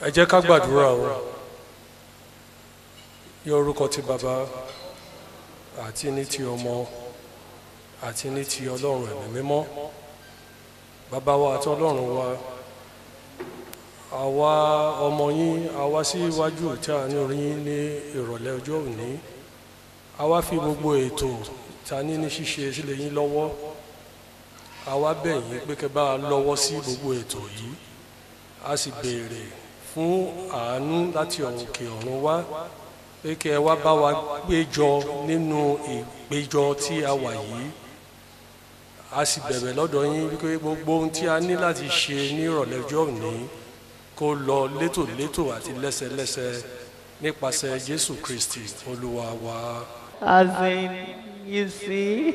ẹ jẹ́ ká gbàdúrà o yọ orúkọ ti bàbá àti ní ti ọmọ àti ní ti ọlọ́run ẹ̀mí mímọ́ bàbá wa àti ọlọ́run wa àwa ọmọ yín àwa sí iwájú tí a ní orí yín ní ìrọ̀lẹ́ ọjọ́ òní àwa fi gbogbo ètò ta ní ní ṣíṣe sílẹ̀ yín lọ́wọ́ àwa bẹ̀ pé kẹ́ bá lọ́wọ́ sí gbogbo ètò yìí a sì béèrè fún àánú láti òkè ọ̀run wá pé kí ẹ wá bá wa péjọ nínú ìpéjọ tí a wà yìí a sì bẹ̀bẹ̀ lọ́dọ̀ yín wípé gbogbo ohun tí a ní láti ṣe ní ìrọ̀lẹ́ ọjọ́ òní kó lọ létòlétò àti lẹ́sẹlẹ́sẹ nípasẹ̀ Jésù Kristi Olúwa wa. As you see.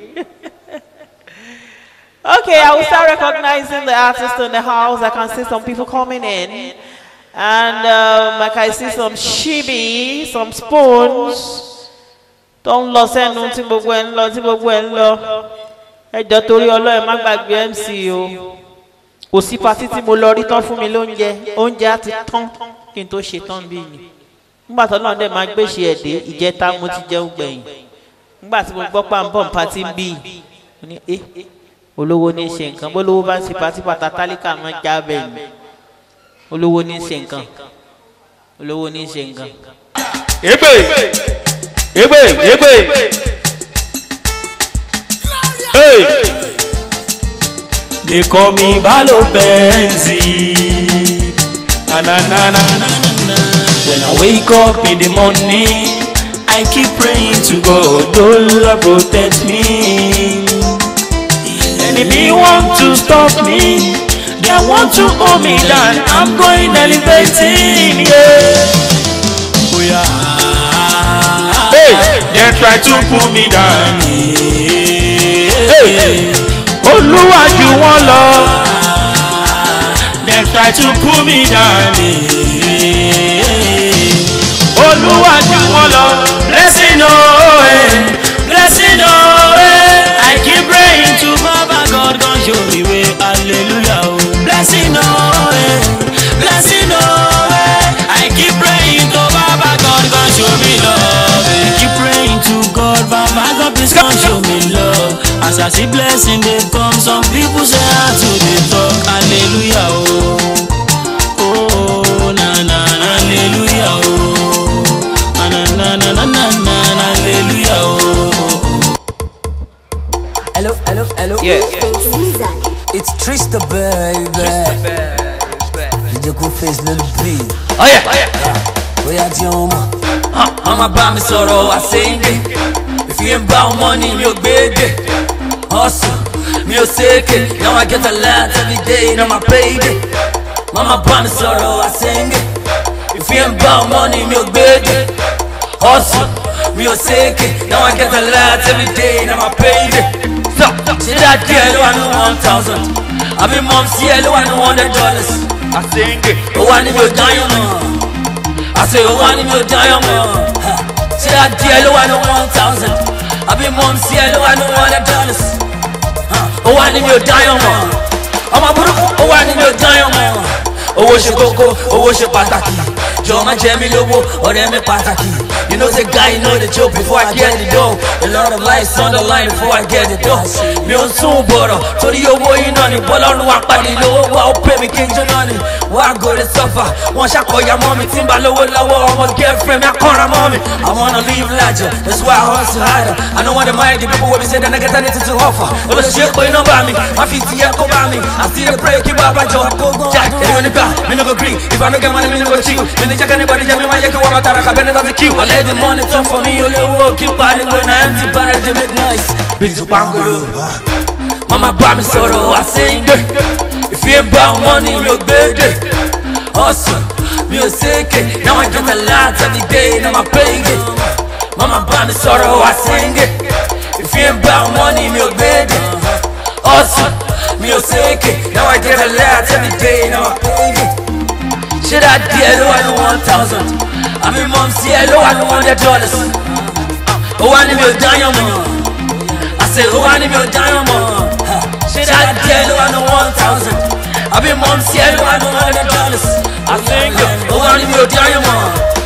Okay, I will start recognizing the artists in the house. I can see some people coming in. And um, like I see some ṣíbí, some spoons tó ń lọ sẹ́nu tí gbogbo ẹ̀ ń lọ tí gbogbo ẹ̀ ń lọ ẹ jọ torí ọlọ́run má gbàgbé MC o kò sí patí tí mo lọ rí tán fún mi lóúnjẹ oúnjẹ á ti tán kí n tó ṣe tán bí yìí nígbà tó náà dẹ̀ máa gbèsè ẹ̀dẹ́ ìjẹta mo ti jẹun gbẹ̀yìn nígbà tí mo gbọ́ pàǹbọ̀ patí ń bí yìí mo ní ẹ eh, olówó ní í ṣe nǹkan bó lówó bá ń ṣe patí pàtàkì tálíkà máa ń já bẹ̀yìn olówó ní ṣe nǹkan olówó ní ṣe nǹkan. ègbè ègbè ègbè they call me Balo Benzi. Na, na, na, na, na, When I wake up in the morning, I keep praying to God, oh Lord, protect me. Enemy want to stop me. They want to hold me down. I'm going elevating, yeah. Oh yeah. Hey, they try to pull me down. Hey, Olúwa you want love. They try to pull me down. Oh Olúwa you want love. Blessing no eh, blessing no oh, eh. I keep praying to Baba God, God show me blessing, oh, blessing, oh, I keep praying to Baba God, God show me love. Keep praying to God, Baba God, please come show me love. As I see blessing, they come. Some people say how to they talk. Hallelujah, oh, oh, na na, na. hallelujah, oh, na na na na na na, hallelujah, oh. Hello, hello, hello. Yeah. yeah. Trista baby, تريستا بيبي يديك وفيز للبيت ويا ديوما اما بامي سورو اسينجي if you ain't bound money you're big hustle mi ò sékè now i get a lot every day now my baby mama bá mi sọ̀rọ̀ àsẹ́ńgẹ̀ if you ain't bound money mi ò gbége hustle mi ò sékè now i get a lot every day now my baby. See that girl who want one thousand. I mean, mom, see her who want one hundred dollars. I sing it. Oh, I need your diamond. I say, oh, I need your diamond. See that girl who want one thousand. I be mom, see her who want one hundred dollars. Oh, I need your diamond. I'm a burúkú. Oh, I need your diamond. Owó ṣe kókó, owó ṣe pàtàkì jọ jẹ mí lówó ọ̀rẹ́ mi pàtàkì you know say guy you know the joke before I get the dough a lot of lies on the line before I get the dough mi ò sún bọ̀rọ̀ torí owó iná ni bọ́lọ́run wa pàdé lówó wa ó pè mí kí n jóná ni wà á gòrè sọ́fà wọ́n ṣàkóyà mọ́ mi tí n bá lówó lọ́wọ́ ọmọ girlfriend mi akọ́ra mọ́ mi I wanna live larger that's why I hustle harder I no wan dey mind the people wey be say dem no get anything to offer olóṣèṣe pé iná bá mi má fi tiẹ̀ kó bá mi I still dey pray kí bàbá jọ kó gbọ́n. jack èmi ò ní gbà mí no go gree if I no get money mi no go chill nicheke nibarije mima yeke wa matara kabene za zikiwa I let the money talk for me ole wo keep party when empty barrel they make noise Bitch you pangolo Mama bá mi sọ̀rọ̀ I say If you ain't bout money you gbé Awesome. Hustle mi Now I get a lot every day now my pay Mama bá mi sọ̀rọ̀ I sing it If you ain't bout money mi ò Awesome. dé Hustle Now I get a lot every day now my pay ṣé dáàdì ẹ ló wà one thousand àmì mọ̀mísí ẹ ló wà ní one hundred dollars Who wà níbi ò dáyàn mọ̀ àṣẹ ó wà níbi ò dáyàn mọ̀ ṣé dáàdì ẹ one thousand àmì mọ̀mísí ẹ ló wà ní one hundred dollars I think who níbi ò dáyàn mọ̀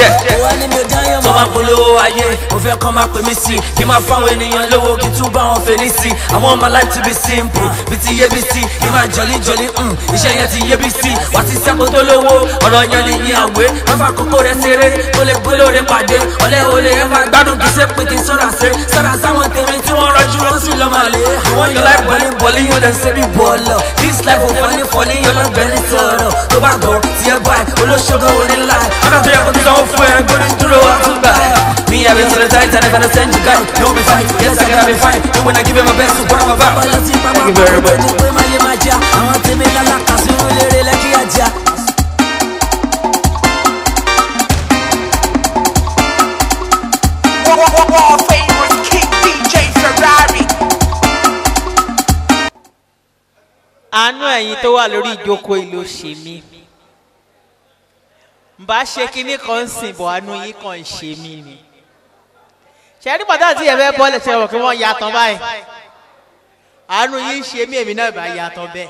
jẹ́ tó bá polówó ayé mo fẹ́ kọ́ máa pè mí sí kí n máa fáwọn ènìyàn lówó kí n tún bá wọn fẹ́ ní sí àwọn ọmọ life to be simple bí ti yé bí sí kí n máa jọlí jọlí mm, iṣẹ́ yẹn ti yé bí sí wá sí sẹ́kọ̀ tó lówó ọ̀rọ̀ yẹn ni ìyá òwe wọ́n fà kókó rẹ̀ ṣeré tó lè gbóló rẹ̀ pàdé ọ̀lẹ́ olè ẹ̀ máa gbádùn kì í ṣe pé kí n sọ̀rọ̀ ṣe sọ̀rọ̀ sáwọn tèmi tí wọ́n rọjú rọ́sùn lọ́mọ̀lẹ́ àwọn yóò láì bọ́lí bọ́lí yóò lè ṣe bí bọ́ọ̀lọ̀ this life ò fọ́lí fọ́lí yóò lọ́gbẹ̀ẹ́ ní sọ̀rọ̀ tó bá gbọ́ tiẹ̀ báyìí olóṣogbo orí ńlá ọ̀nà tó yẹ kó ti sanwó We're gonna do the work too bad. Me, I've been to the tight and I'm gonna send you guys. You'll be fine. Yes, I gotta be fine. And when I give you my best, what I'm about. Thank you very much. àwọn tèmi lọ́la kan sínú lérè lẹ́kí ajá. àánú ẹ̀yin tó wà lórí ìjókòó ìlú ṣèmi bá ṣe kinní kan sìn bọ̀ àánú yìí kan ṣe mí ni ṣe ní pàtàkì tí ẹ̀fẹ́ bọ́ọ̀lù ṣe wọ̀ kí wọ́n ya tán báyìí àánú yìí ṣe mí èmi náà bá ya tán bẹ́ẹ̀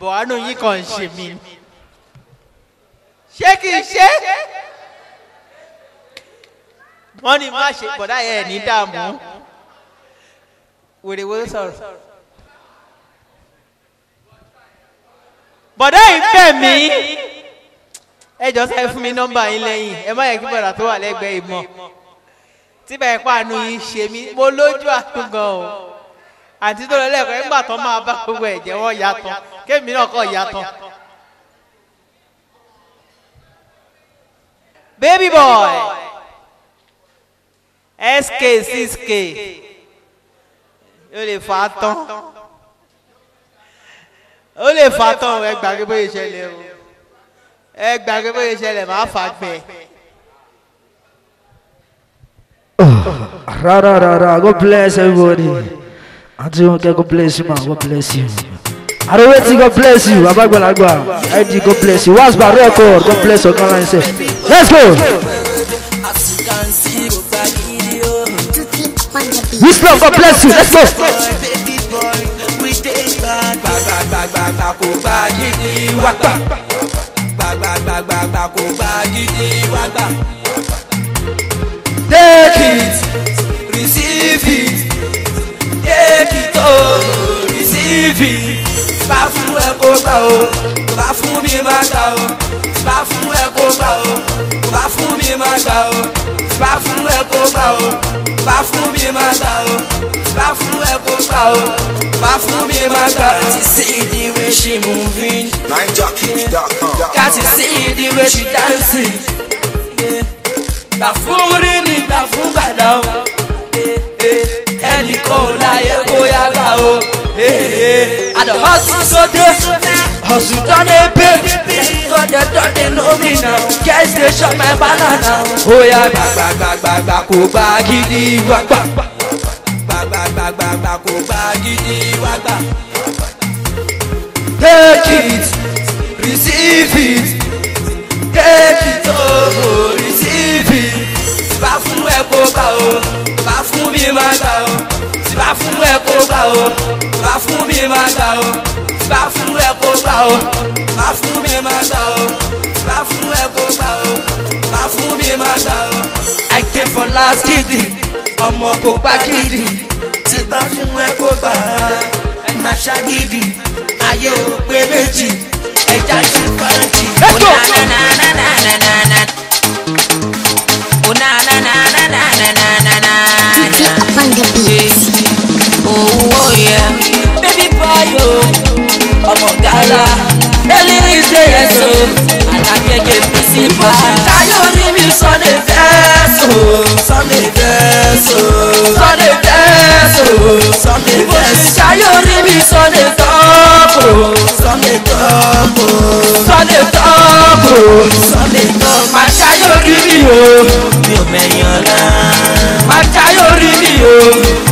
bọ̀ àánú yìí kan ṣe mí ni ṣé kì í ṣe wọ́n ní má ṣe bọ̀dá yẹn ní dààmú wèrèwé sọ̀rọ̀ bọ̀dá yìí fẹ́ mi ẹ jọ sẹ fún mi nọ́mbà yín lẹ́yìn ẹ má yẹ kí bọ̀dà tó wà lẹ́gbẹ̀ẹ́ ìmọ̀ tí bẹ́ẹ̀ pàánù yín ṣe mí mo lójú àtúngàn o àti tó lọ lẹ́kọ̀ọ́ nígbà tó máa bá gbogbo ẹ̀jẹ̀ wọn yàtọ̀ kémi náà kọ́ yàtọ̀. baby boy sk 6k ó lè fà á tán ó lè fà á tán ẹ gbàgbé bóyá o ẹ gbàgbé bóyá ìṣẹ̀lẹ̀ máa fà gbẹ. Ah, rárá rárá God bless everybody àti wọn kẹ God bless you ma God bless you aroweti God bless you baba id God bless you wasba record God bless ọkàn láyé sẹ let's go. Wisdom God bless you let's go gbàgbàgbàgbà kò bá yí ni wá gbàgbàgbàgbà take it receive it take it o oh, receive it bá fún ẹ kó gbà o bá fún mi má gbà o bá fún ẹ kó gbà o bá fún mi má gbà o bá bá fún mi máa ta o bá fún ẹ kó pa see the way she moving. Got to see the way she dancing. Gbà fún rí ni gbà fún gbàdá o. Ẹnì kan ò láyé kó yá gbà o. Àdàmọ́sí sóde. Cause you done a bit God they don't they know me now Guys they shot my Take it, receive it, take it oh, receive it. Bá fún ẹ kó gbà o, bá fún mi má gbà o, bá fún ẹ kó gbà o, bá fún mi má gbà o bá fún ọmọ kò pa gidi tí bá fún ẹ kó gbà á má ayé ò pé méjì ẹja ṣe fàájì. oh yeah. Baby boy, oh ọmọ gala eliri ṣe ẹsọ alágbègbè fèsì bá. tayo ní mi sunday fẹ́sọ̀ sunday fẹ́sọ̀ sunday fẹ́sọ̀ sunday fẹ́sọ̀ tayo ní mi sunday tọ́pọ̀ sunday tọ́pọ̀ sunday tọ́pọ̀ sunday tọ́pọ̀ má tayo rí mi o mi ò mẹ́yàn náà má tayo rí mi o.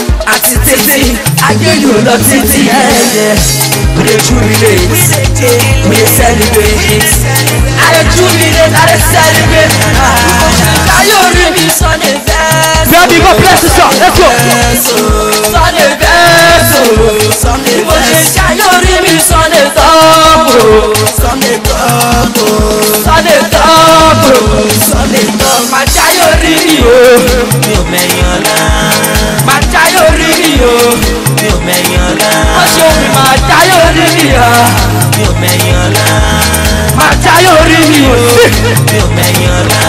àti títí agbẹ́lú lọ títí ẹ̀ẹ́dẹ̀. we dey jubilate we dey celebrate it i dey jubilate i dey celebrate kayo rí mi sunday verse. baby go bless you sir let's go. sunday verse sunday verse. mo ṣe kayo rí mi sunday tọ́pù. sunday tọ́pù. sunday tọ́pù. sunday tọ́pù. màjáyò rí mi o mi ò mẹ́yìn ọ̀la. màjáyò orí mi o mi ò mẹ̀yìn ọ̀la. wọ́n ṣe omi máa jayé orí mi o mi ò mẹ̀yìn ọ̀la. máa jayé orí mi o mi ò mẹ̀yìn ọ̀la.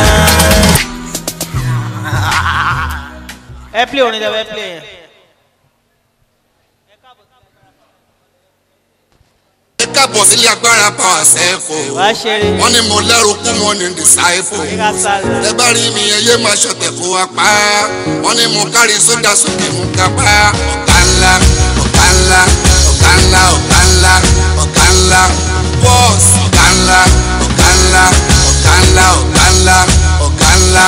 ẹ play orin dẹ́wẹ́ play yẹn. kábọ̀ sílé agbára power sẹ́fò wọ́n ní mo lẹ́rù mo ní dìsáìfò ẹ bá rí mi ẹyẹ máa ṣọ̀tẹ̀ kó wa pa wọ́n ní mo kárí sódà sókè mo ga pa ọ̀gá ńlá ọ̀gá ńlá ọ̀gá ńlá ọ̀gá ńlá ọ̀gá ńlá bọ́ọ̀sì ọ̀gá ńlá ọ̀gá ńlá ọ̀gá ńlá ọ̀gá ńlá ọ̀gá ńlá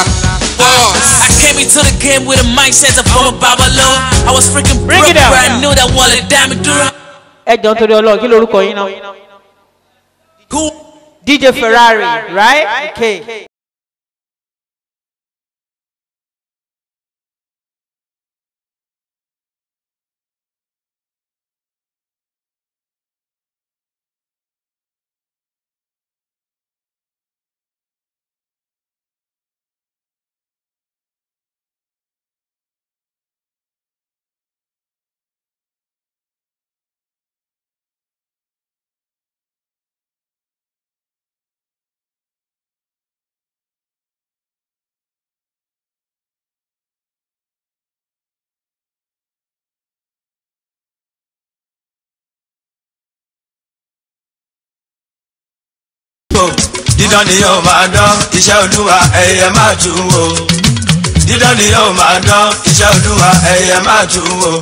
bọ́ọ̀sì came into the game with a mindset of I'm a Babalo. I was freaking broke, but I knew that wallet diamond dura. ẹ jọ nítorí Ọlọ́run kí lorúkọ yín náà. DJ Ferrari, right? Okay. dídán ni yóò máa dán iṣẹ́ olúwa ẹ̀yẹ máa tún wò dídán ni yóò máa dán iṣẹ́ olúwa ẹ̀yẹ máa tún wò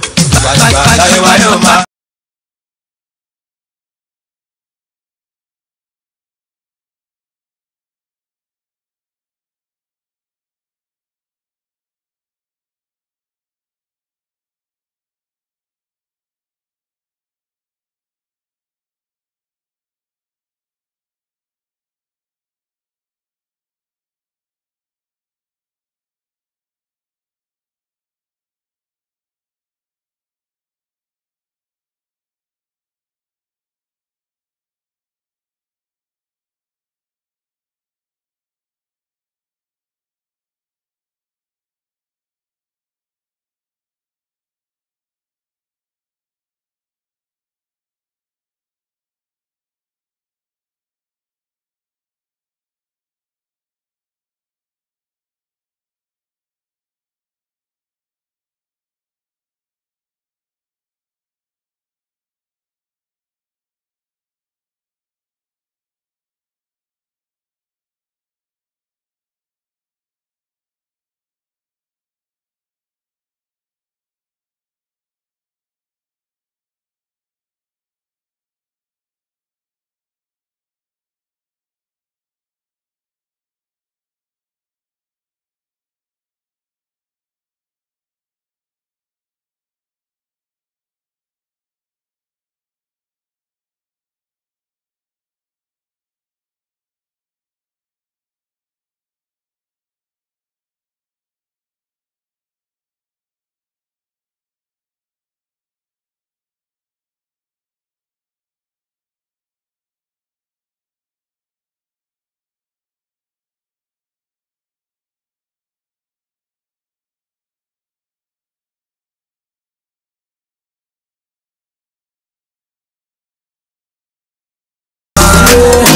yeah.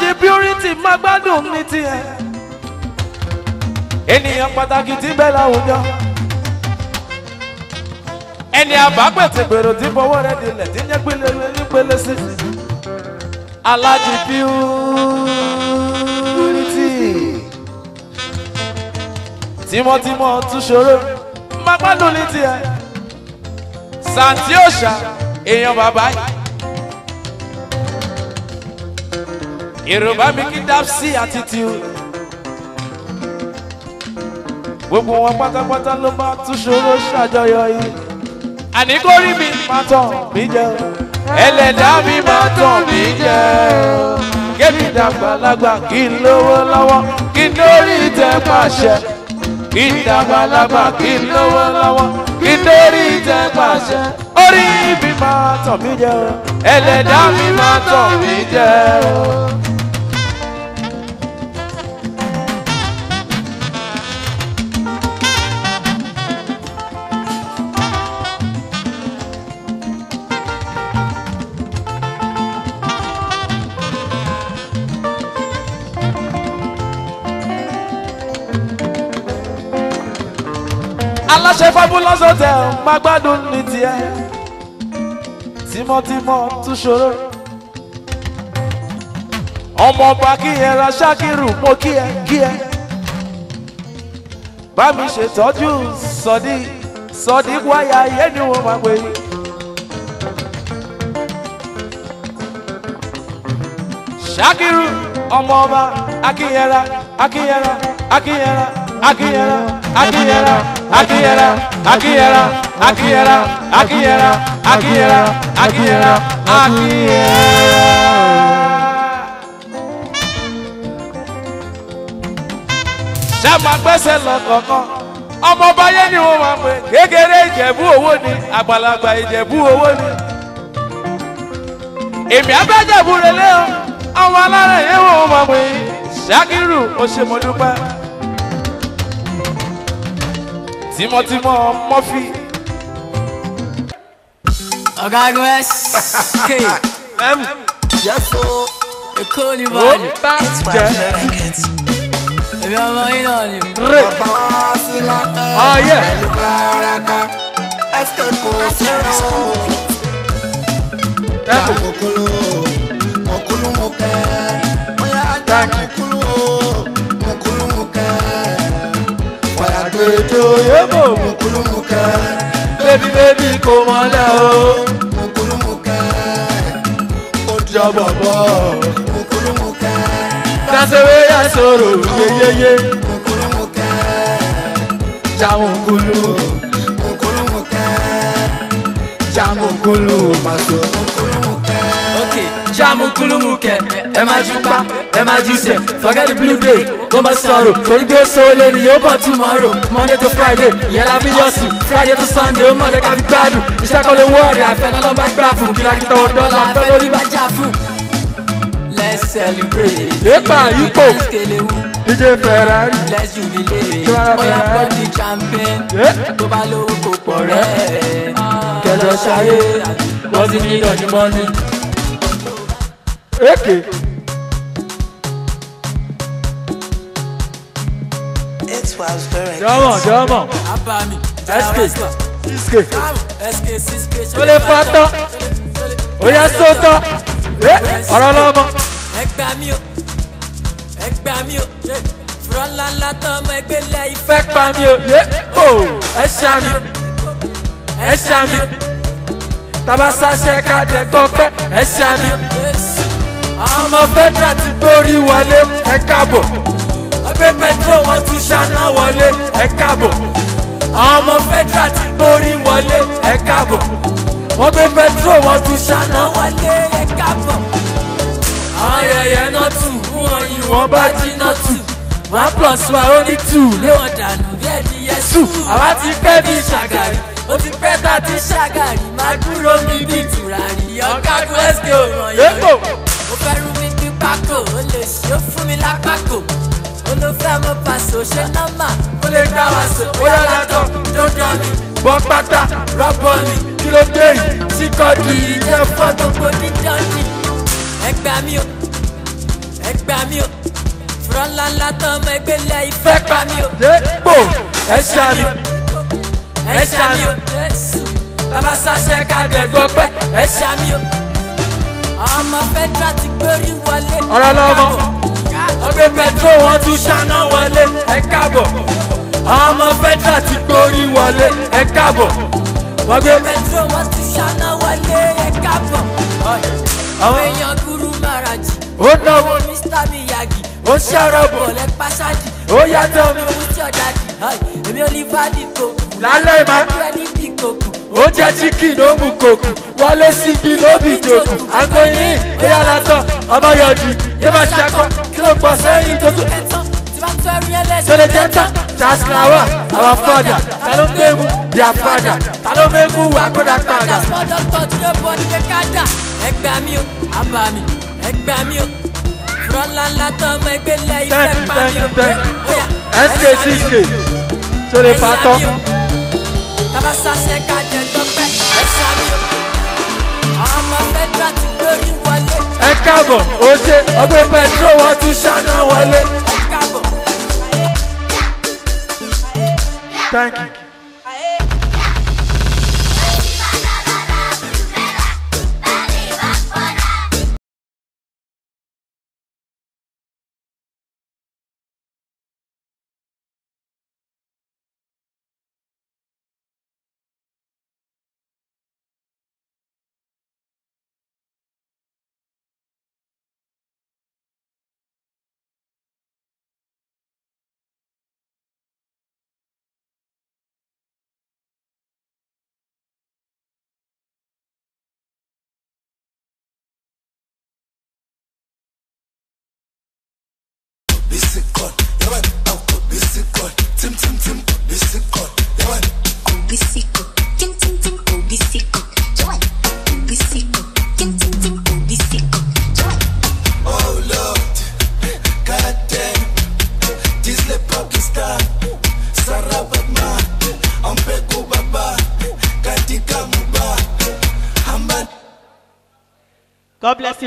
di purity má gbádùn ní tiẹ̀. ènìyàn pàtàkì tí bẹ́ẹ̀ láwùjọ. ẹni àbápẹ̀tẹ̀ gbèrò tí fọwọ́ di dilẹ̀ tí yẹn pélé nípele sí. alájí purity tímọ́tímọ́ tún ṣòro má gbádùn ní tiẹ̀. sàǹtí òòṣà èèyàn bàbá yìí. Yorùbá Bíkí Dapsy attitude gbogbo wọn pátápátá ló bá tún ṣòro ṣàjọyọ̀ yìí. àní kò rí mi máa tàn mí jẹ o. ẹlẹ́dàá mi máa tàn mí jẹ o. kébì dàgbàlagbà kí n lówó lọ́wọ́ kí n lórí tẹ pàṣẹ. kí n dàgbàlagbà kí n lówó lọ́wọ́ kí n lórí tẹ pàṣẹ. orí mi máa tàn mí jẹ o. mi máa tàn mí jẹ ṣe fabulous hotel máa gbádùn ní tiẹ̀ tímọ́tímọ́ tún ṣòro. ọmọọba kí ẹ ra ṣákìrù mo kí ẹ kí ẹ bá mi ṣètọ́jú sọ́dí sọ́dí wáyà yé ni wọ́n máa pè é. ṣákìrù ọmọọba akínyẹra akínyẹra akínyẹra akínyẹra akínyẹra. Akiyera, Akiyera, Akiyera, Akiyera, Akiyera, Akiyera, Akiyera. Ṣé máa gbẹ́sẹ̀ lọ kọ̀ọ̀kan? Ọmọ báyé ni wọ́n máa pè. Kékeré Ìjẹ̀bú owó ni, àgbàlagbà Ìjẹ̀bú owó ni. Èmi abẹ́jẹ̀bú relé o, àwọn alárẹ̀ yẹn wọ́n máa pè. Ṣákírù, o tímọ́tímọ́ mọ́fì. ọ̀gágun sk m yẹ́sọ èkó ni báyìí ó bá jẹ́ èmi ọmọ yín náà ni. rè ọyẹ. ẹ kò kúrò. o yébò mùkúlùmùkà bébí bébí kò mọ́lẹ̀ o mùkúlùmùkà ó di ọbọ̀ bọ̀ mùkúlùmùkà kásẹ̀wé yà sọ̀rọ̀ yéyéyé mùkúlùmùkà jàmùkúlù mùkúlùmùkà jàmùkúlù pàṣẹ mùkúlù jamu kulumuke ẹ má ju pa ẹ má ju sẹ forget the blue day kó má sọ̀rọ̀ torí pé so lé ní yóò bọ̀ tomorrow monday to friday ìyẹn la fi friday to sunday ó mọ̀lẹ́ ká fi gbádùn iṣẹ́ kan wọ ọ̀rẹ́ àfẹ́ náà lọ́ba gbà fún kí láti tọwọ́ dọ́là àfẹ́ lórí bá jà fún. let's celebrate. èèpà yípo dj ferrari. let's jubilate. oya body champagne. tó bá lówó kò pọ̀ rẹ̀. kẹlẹ́ ṣayé. Ah. wọ́n ti ní ìdọ̀jú mọ́ni èké. jọmọ jọmọ sk sk tó lè fa tán ó yẹ só tán ọ̀rọ̀ lọ́mọ. ẹ gbà mí o ẹ tán ọmọ ẹgbẹ́ ilẹ̀ ìfẹ́ pa mí o ẹ ṣàmì ẹ ṣàmì tabasa ṣe ká jẹ tọpẹ ẹ ṣàmì ọmọ federal ti gbórí wọlé ẹ káàbọ̀ ọbẹ̀ petro wọn tún ṣáná wọlé ẹ káàbọ̀ ọmọ federal ti gbórí wọlé ẹ káàbọ̀ ọbẹ̀ petro wọn tún ṣáná wọlé ẹ káàbọ̀ ayẹyẹ náà tù wọn yìí wọn bá jí náà one plus one only two lé wọn dànù bí ẹni yẹn sùn àwa ti pẹ́ bí ṣàgàrì ó ti pẹ́ tá a ti ṣàgàrì máa dúró mi bí tùràrí ọ̀gágun ẹ̀sìn òràn yẹn mo fẹ́ rú mi bí pákó ó lè ṣe ó fún mi lápákó ó ló fẹ́ mo pàṣẹ ṣé nọ́mà ó lè gbá wa sọ ó yọ látọ̀ dọ́dọ̀ mi. wọ́n pátá rọ́bọ̀ ni kí ló dé yìí sí kọ́ọ̀dù yìí jẹ́ fọ́tò. gbogbo ní dọ́ọ̀dì ẹ gbà mí o ẹ gbà mí o fúrọ́ tán ọmọ ẹgbẹ́ ilẹ̀ ìfẹ́ pa mí o. dépò ẹ ṣàmì ẹ ṣàmì o bàbá sáṣẹ ká gbẹgbọ pẹ ẹ ṣàmì o ọmọ fẹ́dúrà ti gbórí wọlé. ọ̀rọ̀ lọ́mọ ọgbẹ́ pẹ̀tró wọn tún ṣáná wọlé ẹ káàbọ̀ ọmọ fẹ́dúrà ti gbórí wọlé ẹ káàbọ̀ ọgbẹ́ pẹ̀tró wọn tún ṣáná wọlé ẹ káàbọ̀ àwọn èèyàn gúrú márajì ó náwó Mr Miyagi ó ṣàrọ̀ bọ̀ lẹ́pàṣájì ó yàtọ̀ mi ò ní tí ọ̀dà dì èmi ò ní fàdí kò lálẹ́ ìmọ̀ ẹni bí kò kù ó jẹ́ chicken ó mú kòkù wọlé síbi ló jòkù àgbọ̀yìn bóyá látọ̀ ọmọ yọ̀dì yóò máa ṣàkọ́ kí ló ń bọ̀ sẹ́yìn tó tún. sọlẹ̀ jẹ́ta charles lawa our father ta ló mẹ́mu their father ta ló mẹ́mu wà kódà padà. dọ́kítọ̀ mi ò àbà mi ẹgbà mi ò fúrọ́láńlá tó ọmọ ẹgbẹ́ lẹ́yìn fẹ́ pa mi ò. skck sọlẹ̀ fatọ́ tàbá sase ká jẹ dọ́pẹ́ ẹ ṣàmì káàbọ̀ ó ṣe ọgbẹ́ pẹ̀tró wọn tún ṣáná wọlé. Thank you.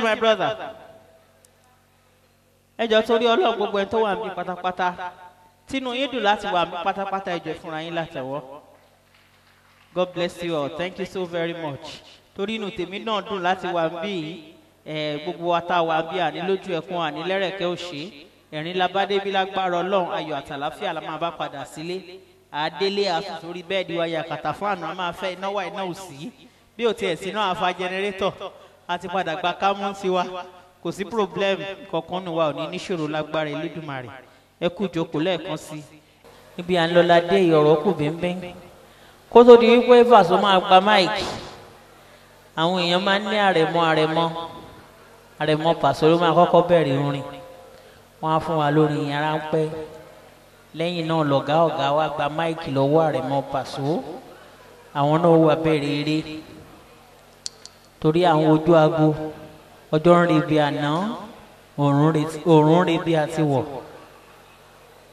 my brother. ẹ jọ torí ọlọ́run gbogbo ẹ̀ tó wà níbi pátápátá tínú yín dùn láti wà níbi pátápátá ẹ jẹ́ fúnra yín látẹ̀wọ́. God bless you all thank you so very much torí inú tèmi náà dùn láti wà níbí yìí gbogbo wa tá a wà bí àní lójú ẹkún àní lẹ́rẹ̀kẹ́ òṣè ẹ̀rín labádé bí lágbára ọlọ́run ayọ̀ àtàláfíà la máa bá padà sílé àdélé àtúntorí bẹ́ẹ̀dì wa yàkàtà fún àná máa fẹ́ iná wà iná òsì bí ò tiẹ̀ sí náà àfa jẹnẹrétọ̀ àti padà gba kámú tiwa kò sí problem kankan nù wa ò ní níṣòro lágbára Elédùmarè ẹ kú jókòó lẹ́ẹ̀kan sí níbi à ń lọ la dé ìyọ̀rọ̀ kù bẹ́ńbẹ́ kó tó di wípé Paso máa gba máìkì àwọn èèyàn máa ń ní àrẹ̀mọ àrẹ̀mọ àrẹ̀mọ Paso ló máa kọ́kọ́ bẹ̀rẹ̀ orin wọ́n á fún wa lórí yẹn ráńpẹ́ lẹ́yìn náà lọ̀gá ọ̀gá wa gba máìkì lọ́wọ́ àrẹ̀mọ Paso àwọn náà wà bẹ̀rẹ̀ eré torí àwọn ojú aago ọjọ́ ń rí bí àná òórùn rí bí àti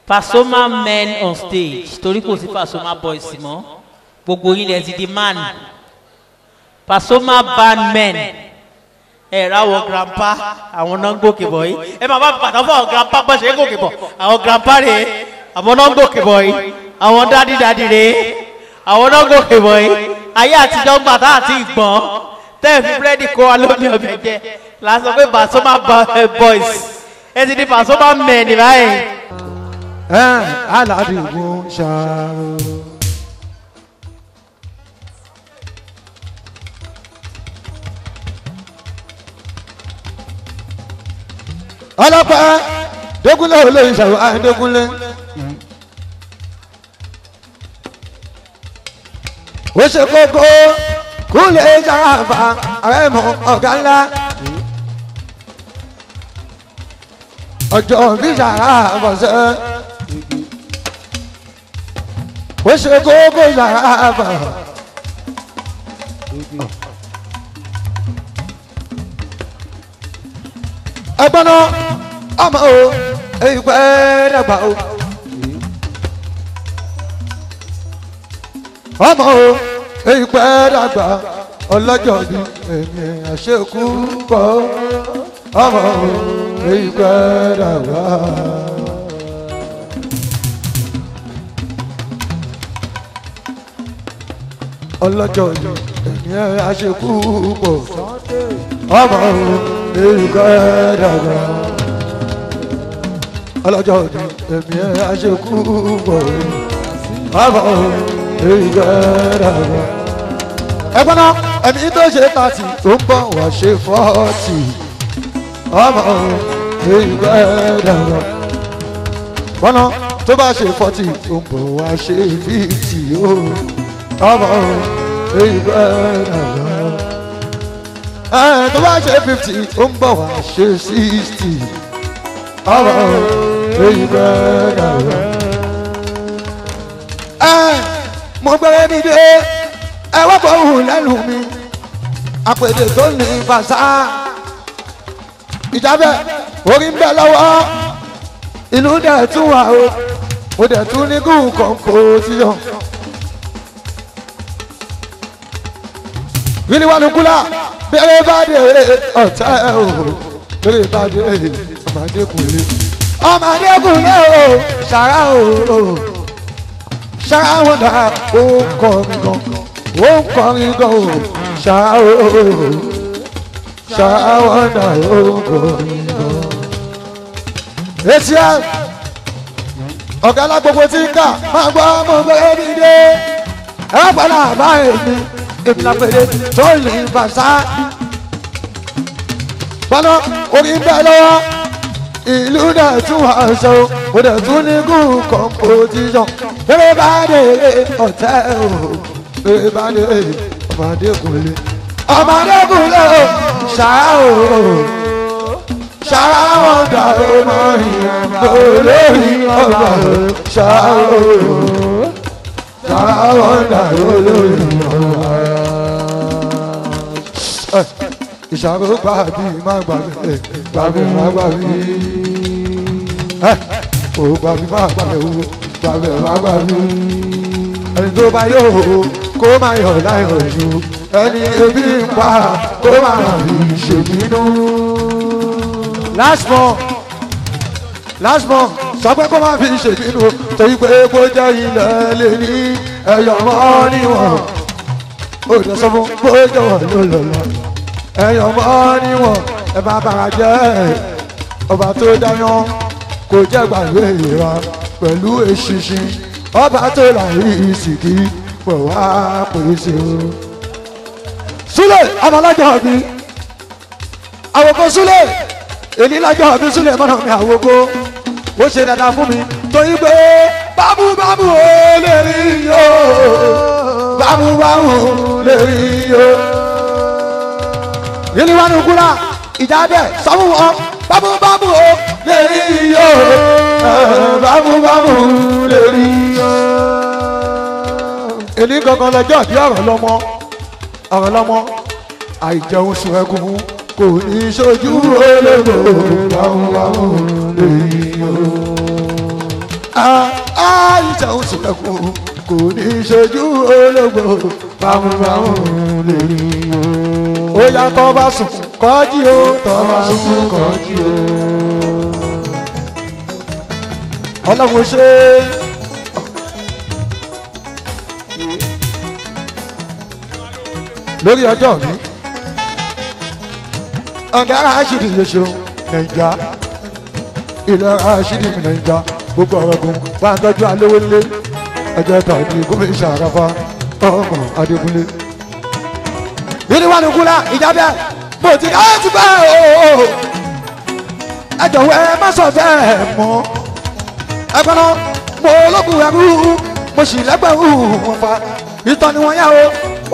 Pasoma men on stage torí kò sí Pasoma boys mọ́ gbogbo yín ti di man Pasoma band men ẹ̀rọ àwọn grandpa àwọn náà ń gòkè bọ̀ yìí ẹ máa bá bàtà fún àwọn grandpa bọ́ ṣe é gòkè bọ̀ àwọn grandpa rèé àwọn náà ń gòkè bọ̀ yìí àwọn dádì dádì rèé àwọn náà ń gòkè bọ̀ yìí ayé àtijọ́ gbàtà àti ìgbọ́n tẹ́ẹ̀mí búrẹ́dì kó wa lómi ọbẹ̀ jẹ lásán pé Pasuma eh, boys ẹ ti di Pasuma men báyìí. ẹ aládùúgbò ṣàrò. ọlọ́pàá dógúnlé olóyè ṣàrò àdógúnlé. Ah, ó ṣe kókó kúlẹ̀ sàràfà ààrẹ mọ ọ̀gá ńlá. ọjọ́ bí sàràfà ṣe. ó ṣe kókó sàràfà. ẹgbọ́n náà ọmọ o èyí pẹ́ dàgbà o. ọmọ o èyí pẹ́ dàgbà ọlọ́jọ́ bí èmi àṣekú bọ́ ọmọ èyí pẹ́ dàgbà. ọlọ́jọ́ bí èmi àṣekú bọ́ ọmọ èyí pẹ́ dàgbà. ọlọ́jọ́ bí èmi àṣekú bọ́ ọmọ ìgbẹ́rẹ̀rẹ̀. ẹgbẹ́ náà ẹni tó ṣe tàtì tó ń bọ̀ wá ṣe fọ́ọ̀tì ọmọ ìgbẹ́rẹ̀rẹ̀. bọ́nà tó bá ṣe fọ́ọ̀tì tó ń bọ̀ wá ṣe fíìtì ó ọmọ ìgbẹ́rẹ̀rẹ̀. ẹ̀ tó bá ṣe fíìtì tó ń bọ̀ wá ṣe síìtì ọmọ ìgbẹ́rẹ̀rẹ̀. ẹ̀ mo gbẹ́rẹ́ níbi ẹ wọ́pọ̀ hù lẹ́nu mi àpèdè tó ní fàṣà ìjábẹ̀ orí ń bẹ lọ́wọ́ ìlú dẹ̀ tún wà o mo dẹ̀ tún ní gùn kọ̀ǹkò síyọ. wíní wà ní kúlà bẹ́rẹ̀ bá dé ọ̀tá ẹ̀ o bẹ́rẹ̀ bá dé ọmọdékùnrin ọmọdékùnrin o ṣàrà o ṣáwọ́dà ó ń kọrin gan ó ń kọrin gan o ṣáwọ́ ṣáwọ́dà ó ń kọrin gan. etí ẹ ọ̀gá alágbogbo tí ń kà máa gbọ́ mọ́ bẹ́ẹ̀ ní dé ẹ gbọ́dọ̀ àbá èmi èmi làpẹ̀lẹ̀ tó lè bàṣá. bọ́lá orí ń bẹ́ẹ̀ lọ́wọ́ ìlú dẹ̀ tún wá ṣe o kò dẹ̀ tún ní good competition bẹ́ẹ̀ bá dé ọ̀tẹ́ o bẹ́ẹ̀ bá dé ọmọdé kùnlé ọmọdé kùnlé o ṣáà o ṣáà wọn dà o máa yàn olórí ọba o ṣáà o ṣáà wọn dà o lórí ọba ìṣàrò gbàbí má gbàgbé gbàgbé má gbàgbé ẹ ò gbàgbé má gbàgbé o gbàgbé má gbàgbé ẹni tó bá yọ̀ o kó má yọ̀ láyọ̀ ju ẹni ebi ń pa kó má ṣèbínú. last month last month sọ pé kó má fi ṣèbínú torí pé epo jẹ́ ilẹ̀ lè ní ẹ̀yọ̀ mọ́ níwọ̀n. ó lọ sọ fún bójú wọn ló lọ lọ ẹyọ mọ́ níwọ̀n ẹ má bàa jẹ́ ọba tó dáyán kò jẹ́ gbàgbé ìlera pẹ̀lú eṣinṣin ọba tó là rí ìsìnkì pọ̀ wá súlẹ̀ amalájà mi àwòkọ́ súlẹ̀ èyí lájà mi súlẹ̀ mọ́nà mi àwòkọ́ ó ṣe dáadáa fún mi torí pé bámú bámú ó lè rí yó bámú bámú lè rí yó. Really want to go out. Ìjàdẹ sọ́mù ọ bámú bámú babu lè rí o bámú bámú lè rí o. Èlí gangan lọ́jọ́ bí ọ̀rọ̀ lọ́mọ ọ̀rọ̀ lọ́mọ àìjẹun sùn ẹkùn kò ní babu olóko bámú bámú lè rí o. Àìjẹun sùn ẹkùn kò ní ṣojú olóko bámú bámú ó yá sùn kọ́jí o tó sùn kọ́jí o. ọlọ́run ṣe lórí ọjọ́ mi ọ̀gá aṣídì yẹsọ nàìjà ilẹ̀ aṣídì mi nàìjà gbogbo ọ̀rọ̀gùn bá ń tọ́jú alówó lé ẹjọ́ tàbí gómìnà ṣàràfà ọmọ adékúnlé ìdíwánu kúlá ìjábẹ́ mo ti ká ti bá o ẹ jọ̀wọ́ ẹ má sọ fẹ́ mọ́ ẹ gbọ́dọ̀ mo lókun ẹrú mo sì lẹ́gbẹ̀rún wọn fa ìtàn ni wọ́n yá o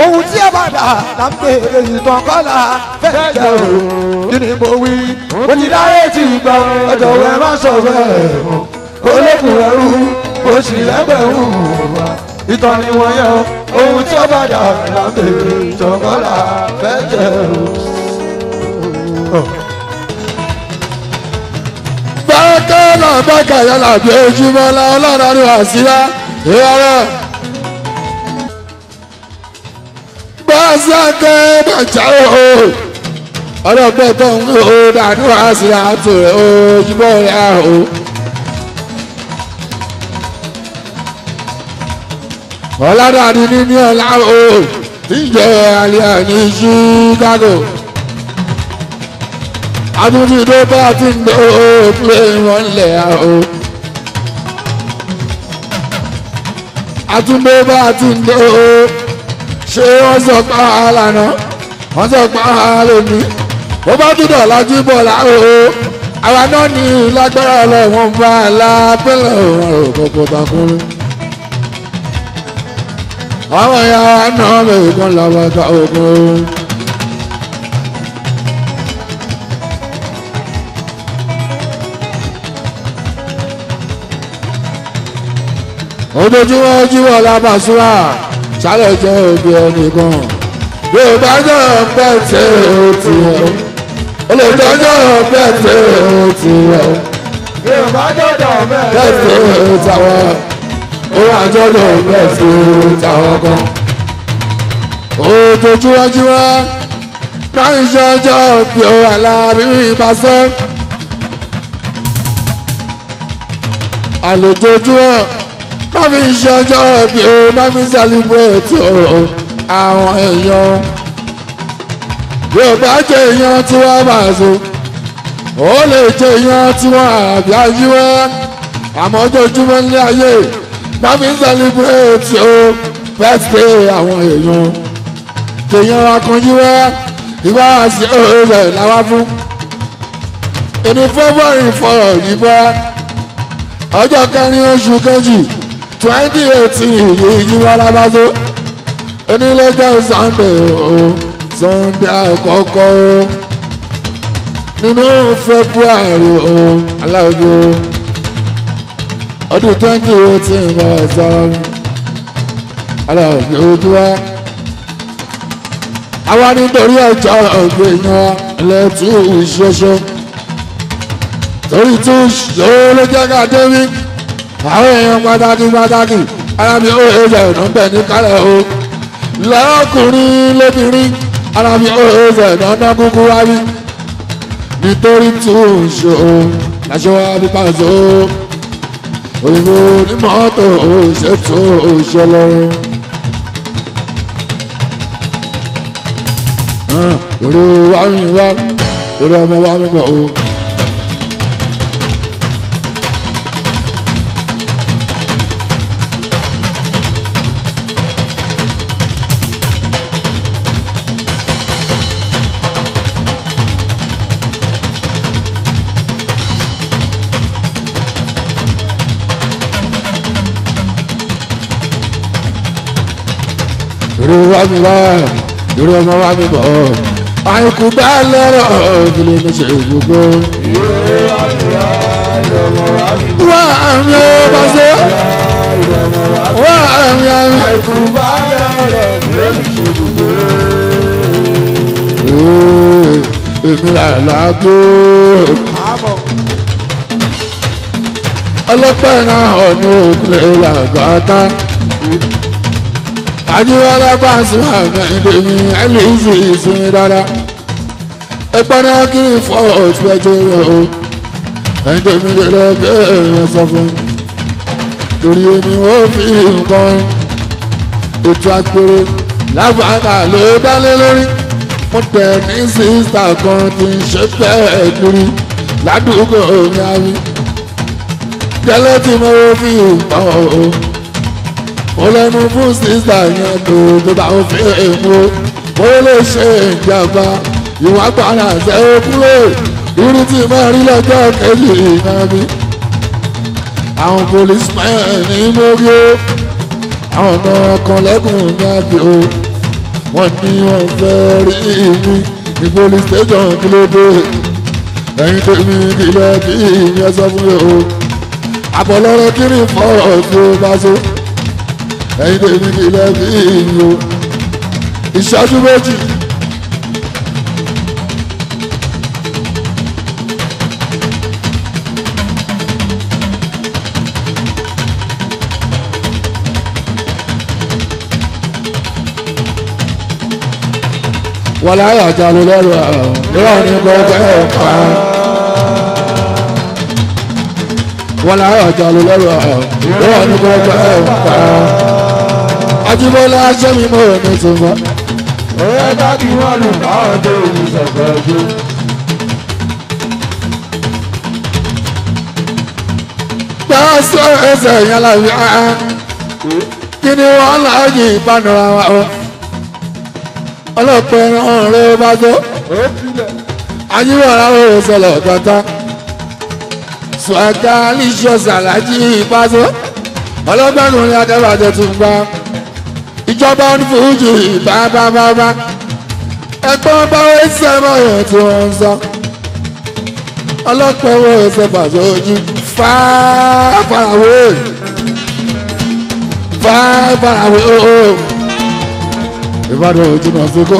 ohun tí ẹ bá dà là ń pèrè ìtàn kọ́là fẹ́ẹ́ jẹ́ o kí ni mo wí mo ti dáyé ti gbà ẹ jọ̀wọ́ ẹ má sọ fẹ́ mọ́ olókun ẹrú mo sì lẹ́gbẹ̀rún wọn fa ìtọ́ni wọn yẹ ohun tí ó bá dà lábẹ́ ìjọkọ́lá fẹ́ jẹ́ o. bákẹ́lá bákẹ́lá làbí ojúmọ́ la ọlọ́run àrùn àṣírá ìyára. bàṣàkẹ́ bàjá o ọlọ́pẹ́ tó ń wò ó dànù àṣírá tó ojúmọ́ rẹ̀ o. ọ̀làdàdì ní ní ọ̀là o ìjọ àlẹ́ ní Chicago adúlùdó bá ti ń do pé wọ́n lẹ̀ o. àtúndó bá ti ń do ṣé wọ́n sọ pa á lànà wọ́n sọ pa á lómi ó bá tún dọ̀ lájú bọ̀ láàrò àwa náà ní lágbára ọlọ́run bá a lápẹ́lẹ̀ òun àròkọ̀kọ̀ takunrin àwọn ya náà bẹ̀rẹ̀ kan làwọn ta ogun. ojoojúmọ́ jíwọ́ lábàṣúrà ṣálẹ̀ jẹ́ òbí ẹnìkan bí o bá jọ pẹ́ tẹ o ti rẹ̀ o lè jọjọ́ pẹ́ tẹ o ti rẹ̀ o bá jọjọ́ pẹ́ tẹ o ti rẹ̀ ó wà jọ́dọ̀ bẹ́ẹ̀ fi tàwọn kan. Òjò júwájúwá káyìn jọjọ́ bí ó wà láàrin ìbáṣẹ́. Àlejò júwọ́ kámi jọjọ́ bí ó bá mi sálíbúrẹ̀tì ọ̀rọ̀ àwọn èèyàn. Bí ó bá jẹ́ èèyàn tí wọ́n máa so, ó lè jẹ́ èèyàn tí wọ́n àbí ayé Àmọ́ ojoojúmọ́ ní ayé náà fi ń celebrate o oh, birthday àwọn èèyàn èèyàn akànjú wá ìbá àti ọ̀rẹ́ làwa fún èmi fẹ́bọ̀rì fọ̀rọ̀ yíbá ọjọ́ kẹrin oṣù kejì twenty eighteen yìí yíwá lábàtó onílẹ̀jọ́ sunday o sunday àkọ́kọ́ o nínú february o aláwọ̀ o ọdún twenty eighteen bá ẹ sọ̀rọ̀ mi aláàbí ojú wa àwa nítorí ọjà ọ̀gbìn yan lẹ́tù ìṣoṣo torí tó ṣòro ló jẹ́ ká débi àwọn èèyàn pàtàkì pàtàkì aláàbí ó ẹ̀jẹ̀ ọ̀nà bẹ̀ ní kálẹ̀ o lọ́kùnrin lóbìnrin aláàbí ó ẹ̀jẹ̀ ọ̀nà kúkú wá bí nítorí tó ṣòro làṣọ wá bí pàṣẹ o òyìnbó onímọ̀tò ṣètò òṣèlérò. òru wa ń wá òru ọmọ wa ń bọ̀ o. dúró wá mi wá dúró ọmọ wá mi bọ̀ àìkú bá lọ́rọ̀ òbílẹ̀ mi ṣe gbogbo. wá àmì ó bá ṣe wá àmì àmì. àìkú bá lọ́rọ̀ òbílẹ̀ mi ṣe gbogbo. èmi là lágbó. ọlọ́pàá náà ọ̀nà òkúlẹ̀ làgbàtà àjíwọ́lá Pasuma kẹ́hìndé mi ẹlẹ́sì ìsinmi dáadáa ẹgbẹ́ni kiri fọ́ọ̀t pẹ́jọ́ rẹ̀ o kẹ́hìndé mi lè lọ bẹ́ẹ̀ yẹn sọ fún mi torí omi ó fi nǹkan ètò àpérò lábàárà ló dálé lórí mo tẹ̀ ní sísà kan tí ń ṣe bẹ́ẹ̀ kiri ládùúgbò mi àwí gẹ́lẹ́ tí mo fi nǹkan o mo lẹ́nu fún sísá yẹn tó tó bá ń fi èmo mo lè ṣe ìjàmbá ìwà mari la é kúrò irú tí máa rí lọ́jọ́ kejì ìnáwó àwọn policemen ní mórí o àwọn ọ̀nà kan lẹ́kùn ní àbí o wọ́n ní wọ́n fẹ́ mi ní police station kí ló dé ẹ̀yin tèmi kí lọ́ọ́ kí ìyẹn sọ fún mi o ẹ̀yin tèmi kì í lẹ́bí ìlú ìṣáájú méjì. wọ́n láyà jáde lẹ́rù ẹ̀rọ ìrọ̀ ní gbọ́dọ̀ pa. wọ́n láyà jáde lẹ́rù ẹ̀rọ ìrọ̀ ní gbọ́dọ̀ pa. Ajíbọ́lá Jẹ́mi mọ̀rọ̀ ní tòun. Ọ̀rẹ́ bá kí wọ́n lù káwọn tó ìlú sọ̀kọ̀ ọjọ́. Báwo sọ ẹsẹ̀ yẹn lábí áá? Kí ni wọ́n láàyè ìbánura wa o? Ọlọ́pàá ẹran rẹ̀ bá tó. Ajíbọ́lá rẹ̀ sọ̀lọ̀ gbọ́tá. Sọ̀gá Alíṣọ́ Sàlájì Ìbáṣọ́. Ọlọ́gbẹ́nu ni Adébàjẹ́ tún gbá ìjọba ń fújì bábábábá ẹ̀gbọ́n báwo ṣe mọ èèyàn tí wọ́n ń sọ ọlọ́pàá wo ṣe bàjẹ́ ojú fáfàwé fáfàwé ó ó ìbádọ́ ojú náà ṣe kó.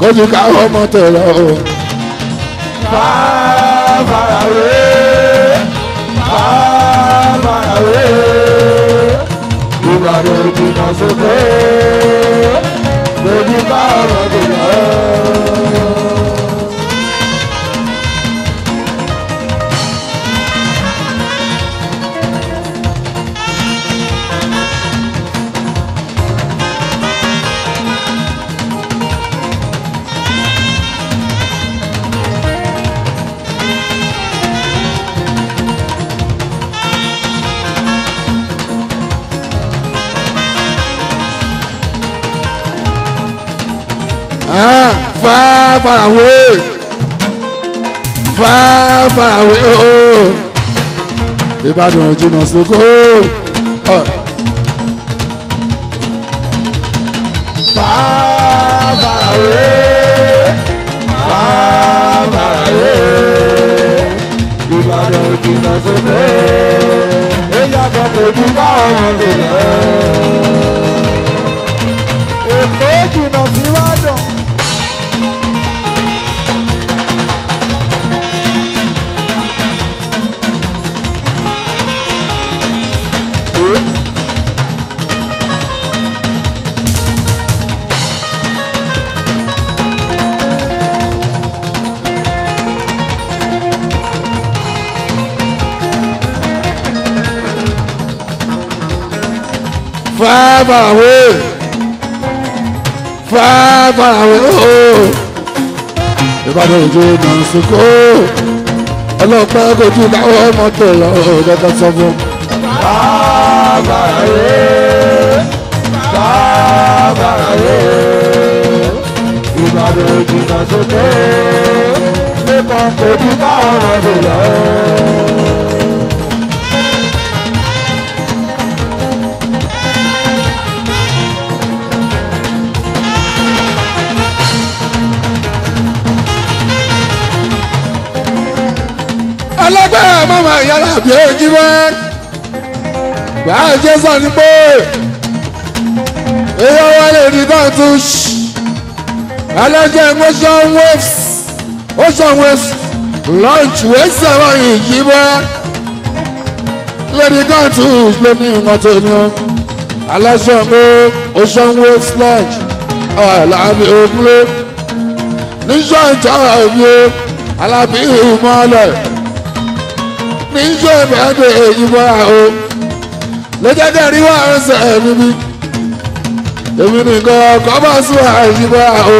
kójú káwọ́ mọ́tò lọ o. fàfàràwé fàfàràwé ìbàdàn ìjìnà sókè. far, far away. Far, far away. Oh, oh. Ìbàdàn jìnnà sóko. Far, far away. Far, far away. Ìbàdàn jìnnà sóko. Ẹ̀yà kan kò dùn bá ọmọ mi lọ. far far away far far away ooo oh. ìbàdàn òjò náà sùkó ọlọ́pàá kojú táwọn mọ́tò lọ dandan sọ fún. far far away far far away ìbàdàn òjò náà sùkó ọlọ́pàá kojú táwọn mọ́tò lọ. yàrá bí ojú mẹ́. Bàá Jésù ni pé èyí wá lè rí náà tún ṣí. Ẹlẹ́jẹ̀ motion waves ocean waves launch waves ẹ̀rọ yìí mẹ́. Lady God tún ló ní ìmọ̀ tó ní o. Aláṣọ mi ocean waves launch ọ̀làmì òkúlé. Níṣọ́ ìtara mi alábí ìmọ̀ ọ̀lẹ̀ mi ń jó ẹ̀mí ọdún èyí mọ́ra o lọ́jọ́ dé rí wà ń sọ ẹ̀mí mi èmi nìkan ọkọ̀ bá sùn àyè mọ́ra o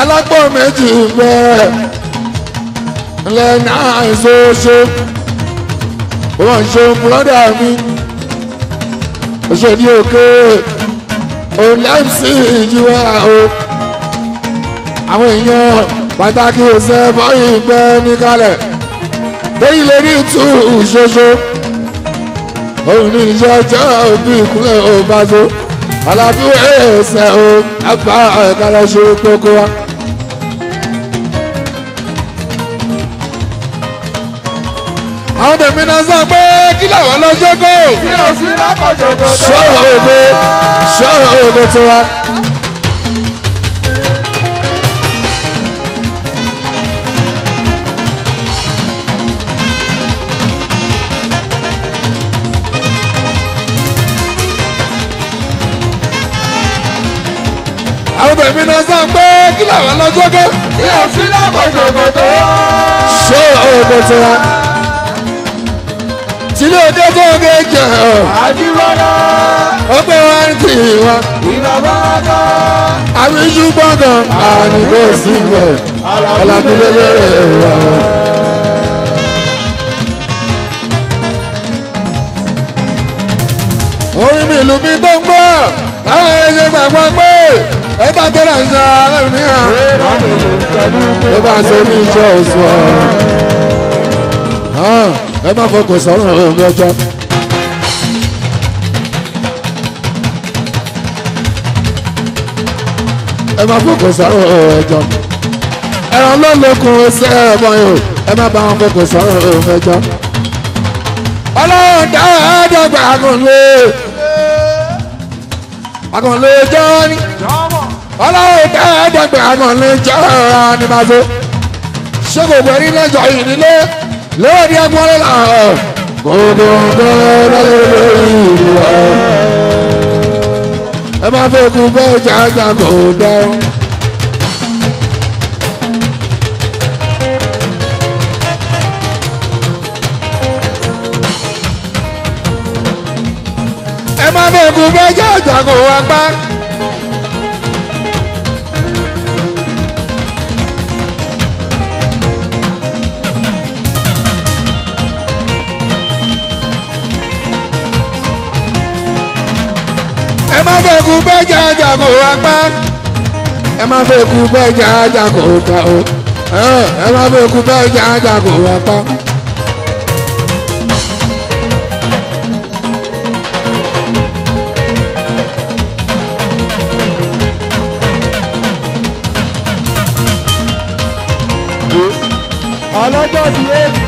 alágbọ̀n méjì bẹ́ẹ̀ lẹ́nà àìsóso wọ́n ṣe bùrọ́dà mi òṣèlú òkè olẹ́sì ìjìwà o àwọn èèyàn pàtàkì ìṣẹ́ bọ́yìn gbẹ́ ní kalẹ̀ torí lè ní tú ṣoṣo òun ní ìṣẹ́jọ́ òbí ìkúnlẹ̀ òbáṣọ àlàfíwé ẹ̀sẹ̀ o àgbà ẹ̀kálẹ̀ ṣe kókó wa. àwọn tèmi náà sọ pé kí làwọn lọ ṣókò. kí o sí lápò ṣòkòtò. ṣọ́ọ̀ òde ṣọ́ọ̀ òde tiwa. àwọn tẹ̀mí náà sá ń pé kí làwọn lọ́jọ́gẹ́. tí o sí lábọ̀ ṣòkòtò. ṣé òkòtò tí ló dé tó gé jẹ ọ. àdìrọ́lá. ó pé wá ń tì í wá. ìrọ̀lá ká. àmì ṣùgbọ́n kan àní kò sí ibẹ̀. alábílẹ̀ lè wà. orin mi ìlú mi tó ń gbọ́. láwọn ẹ̀ṣẹ̀ gbàgbọ́ pé kẹ́lá ń sọ ọlọ́run ní hàn. ló bá ń sọ ní ìjọ oṣù ọ̀rọ̀. Ah, ẹ má fọkàn sọ́run ọ̀rọ̀ mi ọjọ́. ẹ má fọkàn sọ́run ọ̀rọ̀ ọjọ́. ẹ̀rọ ló lókun ṣe é mọ́ yìí o ẹ má bá wọn fọkàn sọ́run ọ̀rọ̀ mi ọjọ́. ọlọ́run dá ẹ̀ẹ́dọ́gba àgùnlé àgùnlé jọ́ni ọlọ́run kẹ́ẹ̀ẹ́dẹ́gbẹ̀ àmọ̀lẹ́ jẹ́ ọ̀rọ̀ ànìmàṣe ṣé kò gbẹ̀rí lẹ́jọ́ yìí nílé lórí ẹgbọ́n lọ́la ọ̀ gbogbo lórí ìlú ọ̀ ẹ máa fẹ́ kú bẹ́ẹ̀ jẹ́ àjà ẹ máa fẹ́ kú bẹ́ẹ̀ jẹ́ àjà gbẹ́jà àjàkò apá ẹ má fẹ́ kú gbẹ́jà àjàkò ta o ẹ má fẹ́ kú gbẹ́jà àjàkò apá. ọlọ́jọ́ ti éèdì.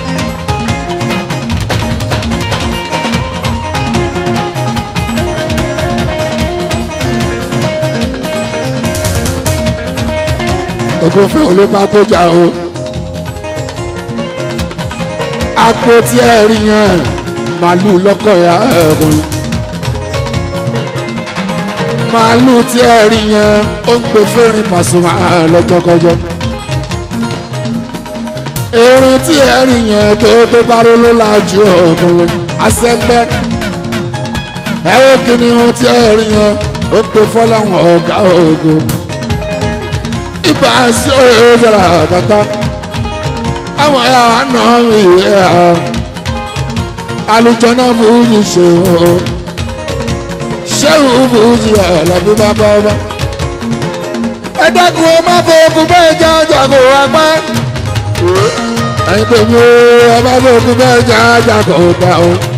ògúnfẹ́ olóbá tó jà o. apò tí ẹ rí yẹn màálù lọ́kọ̀ ya ẹ̀rùn. màálù tí ẹ rí yẹn ó ń pe fẹ́rin Pasuma lọ́jọ́kọjọ́. erin tí ẹ rí tó tó bá ló lájú ọkùnrin asẹ́gbẹ́. ẹ ó kí ni ó pe fọ́láwọn ọ̀gá ògo ibà sí òye fẹ́ra bàtà àwọn ẹ̀yà àná ìwé ẹ̀ alùjọ́nà bùrù ṣe o ṣẹ́wù bùrù ọ̀làbí bàbá ọba. ẹ dákun o má fọ bẹ́ẹ̀ jẹ́ ọjà kò wá pẹ́. ẹ̀yin tèmi o ẹ má fọ bẹ́ẹ̀ jẹ́ ọjà kò dá o.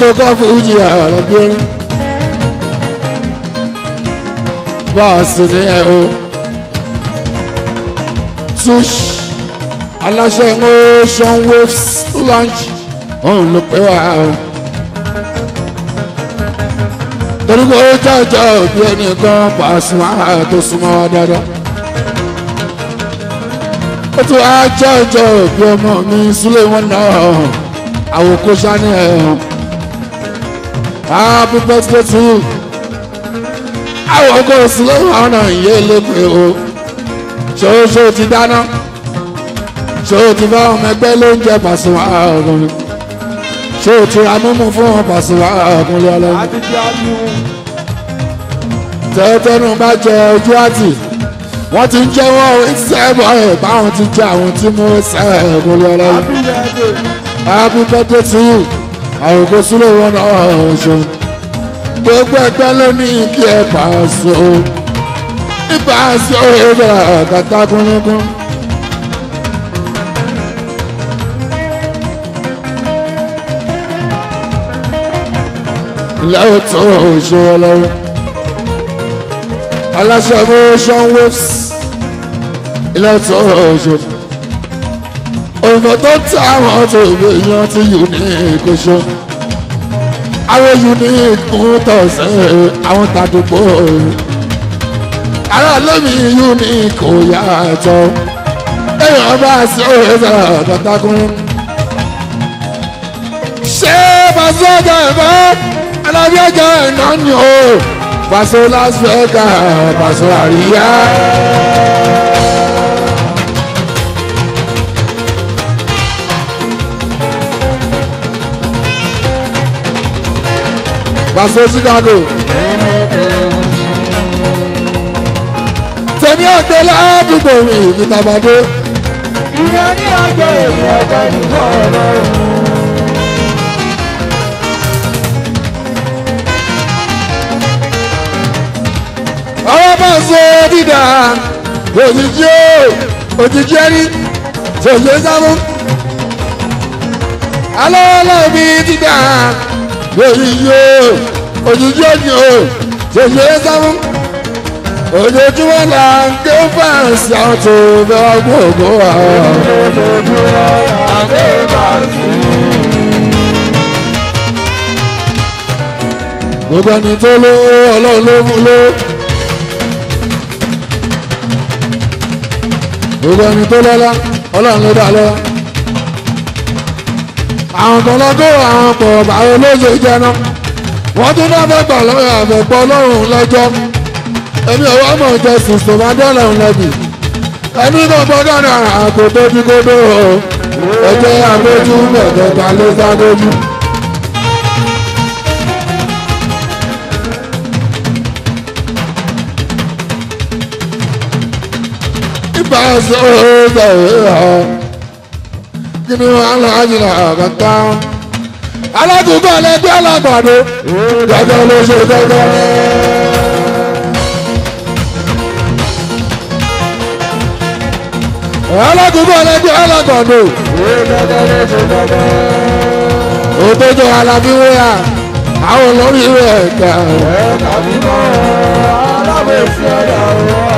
tó kọ́ fújì àrùn bí ó bọ́ọ̀sì ní ẹ̀ o tush aláṣẹ ocean waves launch òun ló pé wá o torí pé ó jọjọ òbí ẹnìkan pàṣẹ tó súnmọ́ wa dáadáa ó tún á jọjọ òbí ọmọ mi Suleiman náà àwòkọ́ṣá ní ẹ̀ hàn happy birthday to you. I ọgọ́ go slow àwọn náà yellow lépè Show, show, Tidana. Show, ṣòṣò my belly, ọmọ ẹgbẹ́ lóúnjẹ Pasuma ọkùnrin ṣòṣò ti ra mímú fún wọn Pasuma ọkùnrin ọlọ́run. tẹ́tẹ́nu bá jẹ ojú àti wọ́n ti ń jẹ́wọ́ ìṣẹ́bọ̀ ẹ̀ báwọn ti jẹ àwọn tí mo ṣẹ́ ẹ̀kọ́ lọ́lọ́run. happy birthday to you àròkọ sílẹ̀ wọn náà ọ̀ṣọ́ gbogbo ẹgbẹ́ ló ní kí ẹ pàṣọ ìpàṣọ ìrọ̀ kàtà kúnlẹ́kún. lẹ́wọ̀ tó ìṣòro lọ́wọ́ aláṣẹ fún ṣọ́n wẹ́ẹ̀sì lẹ́wọ̀ tó ìṣòro òyìnbó tó ń ta àwọn ọtọ èèyàn ti unique ṣo àwọn unique ń tọ̀sẹ̀ àwọn tàdúgbò ara lómi unique ò yàtọ̀ èèyàn bá sí òye sọ̀rọ̀ kọ́tàkùn ṣé pàṣẹ ìbá alábíàjọ ìnáni o pàṣẹ Las Vegas pàṣẹ àríyá. Pàṣẹ Chicago. Tẹ̀mí ọ̀gbẹ́ ládùúgbò mi ìfìtàbàdé. Ìyá ní ọjọ́ èmi ọ̀gá ìwọ ọ̀rọ̀. Ọ̀rọ̀ pàṣẹ dídà òjijì ó òjijì ẹni tòjé sámú. Alọ́ ọlọ́ọ̀bí dídà lórí yóò òjijì òjì o ṣèṣe sáwọn ojoojúmọ́ là ń ké fẹ́ǹsì àwọn tó bẹ́ wá gbogbo wa. gbogbo ẹni tó lówó ọlọ́run ló mú lówó. gbogbo ẹni tó lọ́lá ọlọ́run ló dá lọ́lá àwọn kan lọ́dún àwọn pọ̀ báwo ló ṣe jẹná wọ́n tún náà fẹ́ gbà lọ́yọ̀ àfẹ́pọ̀ lọ́rùn lọ́jọ́ èmi ò wá mọ̀ jẹ sùsù máa dé ọ̀nà ìlẹ́bì ẹni náà gbọ́dọ̀ ní àkó dójúkódó o ẹgbẹ́ àgbójú mẹ̀tẹ̀ẹ̀ta ló sáájú. ìbáṣọ́ ọ̀rọ̀ ìbẹ̀rẹ̀ hàn kínní aláàjìlá àbáta alágùnkọ́ lẹ́gbẹ́ alágbàdo dájọ́ ló ṣe dájọ́. alágùnkọ́ lẹ́gbẹ́ alágbàdo dájọ́ ló ṣe dájọ́. òtòjọ alábíwé à àwọn olórí rẹ̀ ẹ̀ka. ẹ̀ka bímọ alábẹ̀fẹ́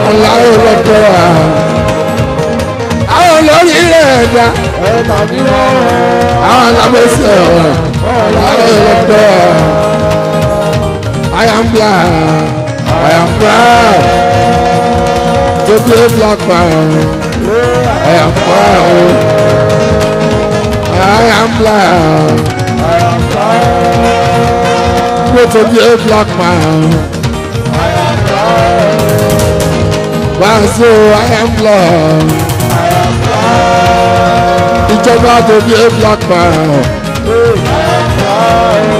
ọ̀la ọ̀la ọ̀la ọ̀la. àwọn olórí rẹ̀ ẹ̀ka. I am black. I am proud to be a black man. I am proud, I am black. I am proud to be a black man. Wow, so I am loved. I am loved ìjọba tó ní black man.